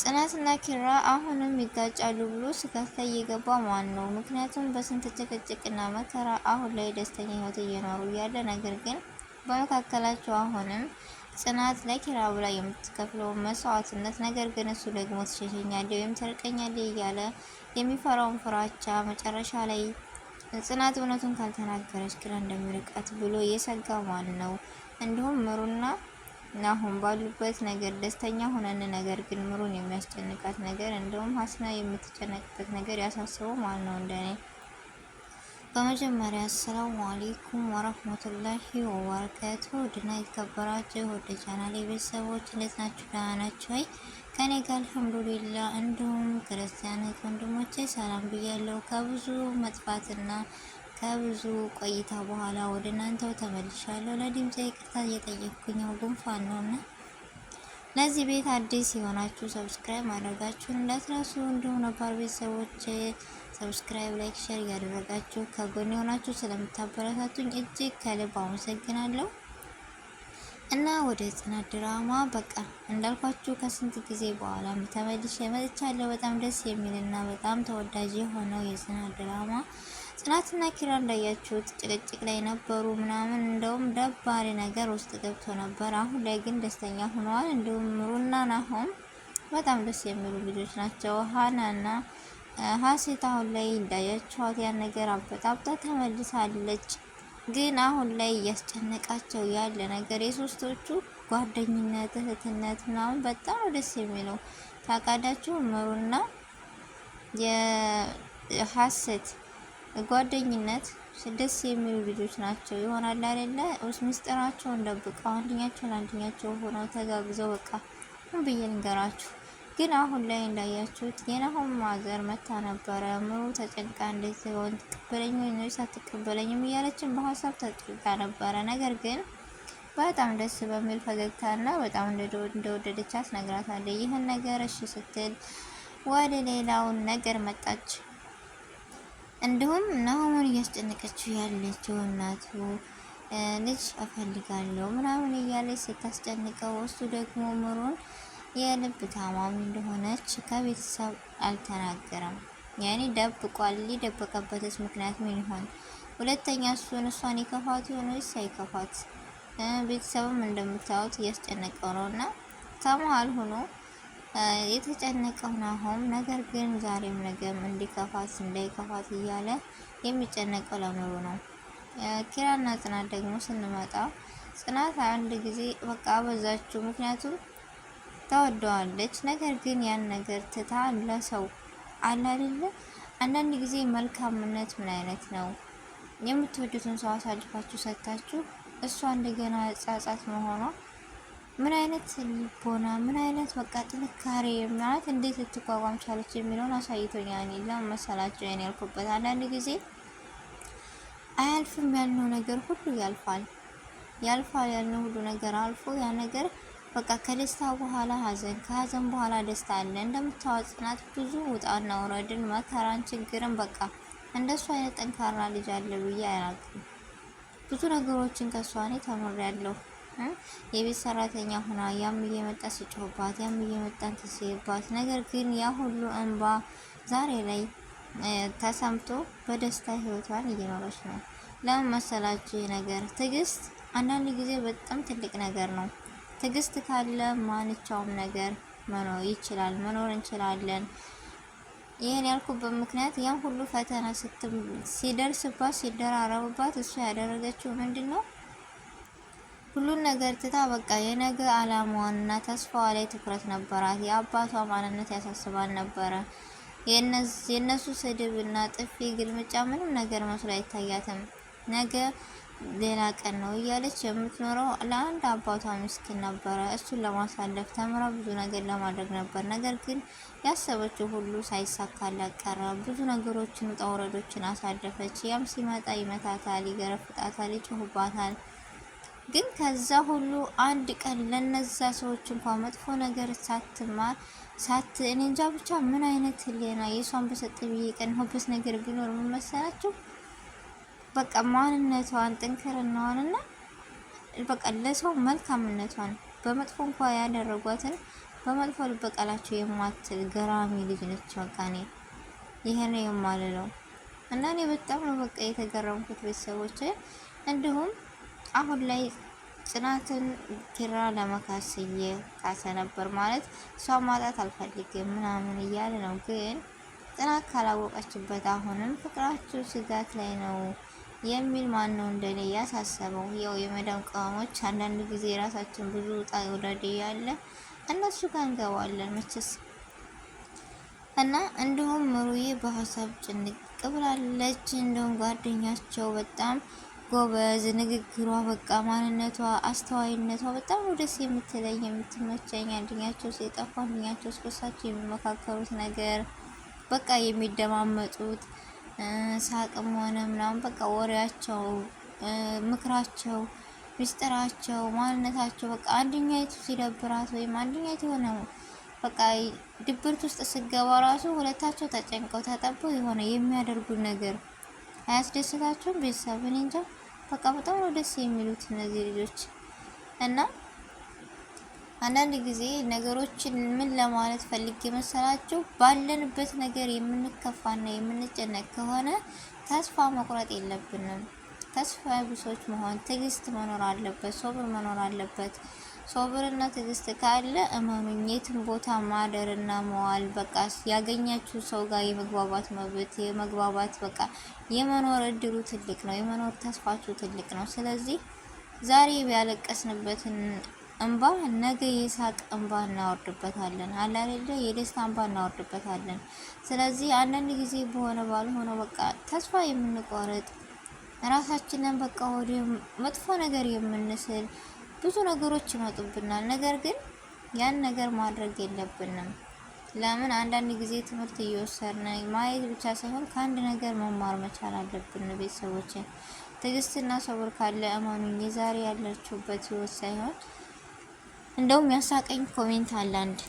ጽናትና ኪራ አሁንም ይጋጫሉ ብሎ ስጋት ላይ የገባ ማን ነው? ምክንያቱም በስንት ጭቅጭቅና መከራ አሁን ላይ ደስተኛ ህይወት እየኖሩ ያለ፣ ነገር ግን በመካከላቸው አሁንም ጽናት ለኪራ ብላ የምትከፍለው መስዋዕትነት፣ ነገር ግን እሱ ደግሞ ትሸሸኛለ ወይም ተርቀኛለህ እያለ የሚፈራውን ፍራቻ መጨረሻ ላይ ጽናት እውነቱን ካልተናገረች ኪራ እንደሚርቃት ብሎ የሰጋ ማን ነው? እንዲሁም ምሩና አሁን ባሉበት ነገር ደስተኛ ሆነን፣ ነገር ግን ምሩን የሚያስጨንቃት ነገር እንደውም ሀስና የምትጨነቅበት ነገር ያሳስበው ማን ነው እንደኔ። በመጀመሪያ አሰላሙ አሌይኩም ወረህመቱላሂ ወበረካቱ ድና የተከበራችሁ ወደ ቻናሌ ቤተሰቦች እንዴት ናችሁ? ደህና ናችሁ ወይ? ከኔ ጋር አልሐምዱሊላ። እንዲሁም ክርስቲያን ወንድሞቼ ሰላም ብያለሁ። ከብዙ መጥፋትና ከብዙ ቆይታ በኋላ ወደ እናንተው ተመልሻለሁ። ለድምፄ ይቅርታ እየጠየቅኩኝ ጉንፋን ነው እና ለዚህ ቤት አዲስ የሆናችሁ ሰብስክራይብ ማድረጋችሁን እንዳትረሱ። እንዲሁም ነባር ቤተሰቦች ሰብስክራይብ፣ ላይክ፣ ሼር እያደረጋችሁ ከጎን የሆናችሁ ስለምታበረታቱኝ እጅግ ከልብ አመሰግናለሁ እና ወደ ጽናት ድራማ በቃ እንዳልኳችሁ ከስንት ጊዜ በኋላ ተመልሼ መጥቻለሁ። በጣም ደስ የሚልና በጣም ተወዳጅ የሆነው የጽናት ድራማ ጽናትና ኪራ እንዳያችሁት ጭቅጭቅ ላይ ነበሩ ምናምን። እንደውም ደባሪ ነገር ውስጥ ገብቶ ነበር። አሁን ላይ ግን ደስተኛ ሆነዋል። እንዲሁም ምሩና ናሆም በጣም ደስ የሚሉ ልጆች ናቸው። ሀናና ሀሴት አሁን ላይ እንዳያችኋት ያን ነገር አበጣብጣ ተመልሳለች። ግን አሁን ላይ እያስጨነቃቸው ያለ ነገር የሶስቶቹ ጓደኝነት፣ እህትነት ምናምን በጣም ደስ የሚለው ታቃዳችሁ ምሩና የሀሴት ጓደኝነት ደስ የሚሉ ልጆች ናቸው ይሆናል አይደለ? ምስጢራቸውን ደብቀው አንደኛቸው ለአንደኛቸው ሆነው ተጋግዘው በቃ ምን ብዬ ልንገራችሁ። ግን አሁን ላይ እንዳያችሁት የናሆም ማዘር መታ ነበረ። ምሩ ተጨንቃ እንደዚህ ወን ትቀበለኝ ወይ ሳትቀበለኝም እያለችን በሀሳብ ተጨንቃ ነበረ። ነገር ግን በጣም ደስ በሚል ፈገግታና በጣም እንደወደደቻት ነግራታለች። ይህን ነገር እሺ ስትል ወደ ሌላውን ነገር መጣች። እንዲሁም ናሆምን እያስጨነቀችው ያለችው እናቱ ልጅ እፈልጋለሁ ምናምን እያለች ስታስጨንቀው እሱ ደግሞ ምሩን የልብ ታማሚ እንደሆነች ከቤተሰብ አልተናገረም። ያኔ ደብቋል። የደበቀበትስ ምክንያት ምን ይሆን? ሁለተኛ እሱን እሷን ይከፋት ይሆን ወይስ አይከፋት? ቤተሰብም እንደምታዩት እያስጨነቀው ነው እና ከመሀል ሆኖ የተጨነቀው ናሆም ነገር ግን ዛሬም ነገም እንዲከፋት እንዳይከፋት እያለ የሚጨነቀው ለኑሮ ነው። ኪራና ጽናት ደግሞ ስንመጣ ጽናት አንድ ጊዜ በቃ አበዛችው። ምክንያቱም ተወደዋለች። ነገር ግን ያን ነገር ትታ ለሰው አላልል አንዳንድ ጊዜ መልካምነት ምን አይነት ነው? የምትወዱትን ሰው አሳልፋችሁ ሰጥታችሁ እሷ እንደገና ጻጻት መሆኗ ምን አይነት ልቦና ምን አይነት በቃ ጥንካሬ ማለት እንዴት ልትቋቋም ቻለች የሚለውን አሳይቶኛል። እኔ ለምን መሰላቸው ያን ያልኩበት አንዳንድ ጊዜ አያልፍም ያልነው ነገር ሁሉ ያልፋል። ያልፋል ያልነው ሁሉ ነገር አልፎ ያ ነገር በቃ ከደስታ በኋላ ሐዘን ከሐዘን በኋላ ደስታ አለ። እንደምታወቅ ጽናት ብዙ ውጣና ውረድን፣ መከራን፣ ችግርን በቃ እንደሱ አይነት ጠንካራ ልጅ አለ ብዬ አያናግርም። ብዙ ነገሮችን ከሷ እኔ ተምሬያለሁ። የቤት ሰራተኛ ሆና ያም እየመጣ ስጮህባት፣ ያም እየመጣ ትስባት። ነገር ግን ያ ሁሉ እንባ ዛሬ ላይ ተሰምቶ በደስታ ህይወቷን እየኖረች ነው። ለምን መሰላችሁ? ይህ ነገር ትዕግስት አንዳንድ ጊዜ በጣም ትልቅ ነገር ነው። ትዕግስት ካለ ማንቻውም ነገር መኖር ይችላል፣ መኖር እንችላለን። ይህን ያልኩበት ምክንያት ያም ሁሉ ፈተና ሲደርስባት ሲደራረብባት እሷ ያደረገችው ምንድን ነው? ሁሉን ነገር ትታ በቃ የነገ አላማዋንና ተስፋዋ ላይ ትኩረት ነበራት። የአባቷ ማንነት ያሳስባል ነበረ። የእነሱ ስድብና ጥፊ፣ ግልምጫ ምንም ነገር መስሎ አይታያትም። ነገ ሌላ ቀን ነው እያለች የምትኖረው ለአንድ አባቷ ምስኪን ነበረ። እሱን ለማሳለፍ ተምራ ብዙ ነገር ለማድረግ ነበር። ነገር ግን ያሰበችው ሁሉ ሳይሳካላት ቀረ። ብዙ ነገሮችን ውጣ ውረዶችን አሳለፈች። ያም ሲመጣ ይመታታል፣ ይገረፍጣታል፣ ይጮህባታል። ግን ከዛ ሁሉ አንድ ቀን ለነዛ ሰዎች እንኳን መጥፎ ነገር ሳትማር ሳት እኔ እንጃ ብቻ ምን አይነት ህሊና የሷን በሰጥ ብዬ የቀናሁበት ነገር ቢኖር ምን መሰላችሁ? በቃ ማንነቷን ጥንክርናዋንና በቃ ለሰው መልካምነቷን በመጥፎ እንኳ ያደረጓትን በመጥፎ ልበቀላቸው የማትል ገራሚ ልጅ ነች። በቃ እኔ ይሄ ነው የማልለው እና እኔ በጣም ነው በቃ የተገረምኩት ቤተሰቦች እንዲሁም አሁን ላይ ጽናትን ኪራ ለመካስ እየካሰ ነበር። ማለት እሷ ማጣት አልፈልግም ምናምን እያለ ነው። ግን ጽናት ካላወቀችበት አሁንም ፍቅራቸው ስጋት ላይ ነው የሚል ማን ነው እንደኔ እያሳሰበው። ያው የመዳም ቅመሞች አንዳንድ ጊዜ የራሳችን ብዙ ውጣ ውረድ እያለ እነሱ ጋር እንገባለን መቼስ እና እንዲሁም ምሩዬ በሀሳብ ጭንቅ ብላለች። እንደውም ጓደኛቸው በጣም ጎበዝ፣ ንግግሯ በቃ ማንነቷ፣ አስተዋይነቷ በጣም ነው ደስ የምትለኝ የምትመቸኝ። አንድኛቸው ሲጠፋ አንድኛቸው ስኮሳቸው የሚመካከሩት ነገር በቃ የሚደማመጡት ሳቅም ሆነ ምናምን በቃ ወሬያቸው፣ ምክራቸው፣ ሚስጥራቸው ማንነታቸው በቃ አንደኛይቱ ሲደብራት ወይም አንደኛይቱ የሆነ በቃ ድብርት ውስጥ ስገባ ራሱ ሁለታቸው ተጨንቀው ተጠበው የሆነ የሚያደርጉ ነገር አያስደስታችሁም? ቤተሰብን እንጃ በቃ በጣም ነው ደስ የሚሉት እነዚህ ልጆች እና አንዳንድ ጊዜ ነገሮችን ምን ለማለት ፈልግ የመሰላችሁ ባለንበት ነገር የምንከፋና የምንጨነቅ ከሆነ ተስፋ መቁረጥ የለብንም። ተስፋ ቢሶች መሆን፣ ትዕግስት መኖር አለበት፣ ሶብር መኖር አለበት። ሶብርና ትዕግስት ካለ እመኑኝ የትም ቦታ ማደርና መዋል በቃ ያገኛችሁ ሰው ጋር የመግባባት መብት የመግባባት በቃ የመኖር እድሉ ትልቅ ነው። የመኖር ተስፋችሁ ትልቅ ነው። ስለዚህ ዛሬ ያለቀስንበትን እንባ ነገ የሳቅ እንባ እናወርድበታለን። አላሌለ የደስታ እንባ እናወርድበታለን። ስለዚህ አንዳንድ ጊዜ በሆነ ባልሆነ በቃ ተስፋ የምንቆረጥ ራሳችንን በቃ ወደ መጥፎ ነገር የምንስል ብዙ ነገሮች ይመጡብናል። ነገር ግን ያን ነገር ማድረግ የለብንም። ለምን አንዳንድ ጊዜ ትምህርት እየወሰድን ማየት ብቻ ሳይሆን ከአንድ ነገር መማር መቻል አለብን። ቤተሰቦችን ትዕግስትና ሰብር ካለ እመኑኝ የዛሬ ያለችሁበት ህይወት ሳይሆን እንደውም ያሳቀኝ ኮሜንት አለ አንድ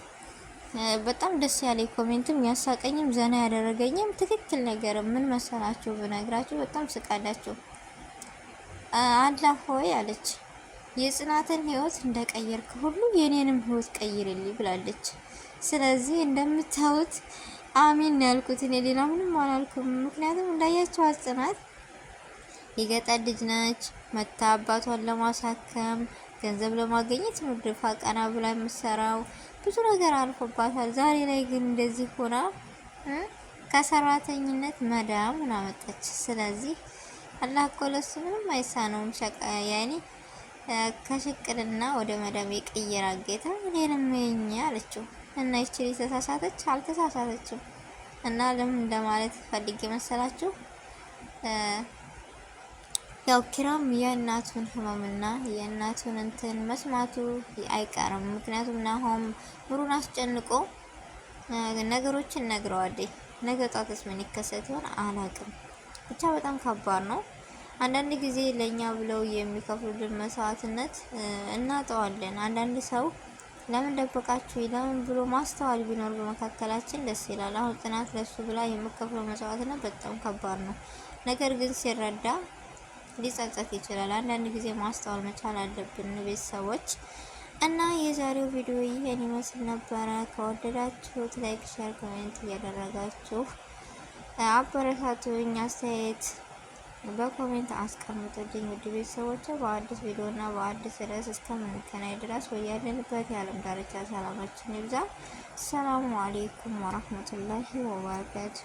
በጣም ደስ ያለ ኮሜንትም ያሳቀኝም ዘና ያደረገኝም ትክክል ነገር ምን መሰላችሁ ብነግራችሁ በጣም ስቃላችሁ። አላህ ሆይ አለች የጽናትን ህይወት እንደቀየርክ ሁሉ የኔንም ህይወት ቀይርልኝ ብላለች። ስለዚህ እንደምታዩት አሚን ያልኩት እኔ ሌላ ምንም አላልኩም። ምክንያቱም እንዳያቸው ጽናት የገጠር ልጅ ነች። መታ አባቷን ለማሳከም ገንዘብ ለማገኘት ነው ድፋ ቀና ብላ የምትሰራው። ብዙ ነገር አልፎባታል። ዛሬ ላይ ግን እንደዚህ ሆና ከሰራተኝነት መዳም ሆና መጣች። ስለዚህ አላህ እኮ ለሱ ምንም አይሳነውም። ሸቃ ያኔ ከሽቅልና ወደ መዳም የቀየራ ጌታ እኔንም ይኛ አለችው እና ይቺ ልጅ ተሳሳተች አልተሳሳተችም። እና ለምን እንደማለት ፈልጌ መሰላችሁ ያው ኪራም የእናቱን ህመምና የእናቱን እንትን መስማቱ አይቀርም። ምክንያቱም ናሆም ምሩን አስጨንቆ ነገሮችን ነግረዋለች። ነገ ጧትስ ምን ይከሰት ይሆን አላውቅም። ብቻ በጣም ከባድ ነው። አንዳንድ ጊዜ ለእኛ ብለው የሚከፍሉልን መስዋዕትነት እናጠዋለን። አንዳንድ ሰው ለምን ደበቃችሁ ለምን ብሎ ማስተዋል ቢኖር በመካከላችን ደስ ይላል። አሁን ጽናት ለሱ ብላ የምከፍለው መስዋዕትነት በጣም ከባድ ነው። ነገር ግን ሲረዳ ሊጸጸት ይችላል። አንዳንድ ጊዜ ማስተዋል መቻል አለብን ቤተሰቦች። እና የዛሬው ቪዲዮ ይህን ይመስል ነበረ። ከወደዳችሁት ላይክ፣ ሸር፣ ኮሜንት እያደረጋችሁ አበረታቱኝ አስተያየት በኮሜንት አስቀምጡልኝ። ውድ ቤተሰቦች በአዲስ ቪዲዮ እና በአዲስ ርዕስ እስከምንገናኝ ድረስ ወያለንበት የዓለም ዳርቻ ሰላማችን ይብዛ። ሰላሙ አሌይኩም ወረህመቱላሂ ወበረካቱ።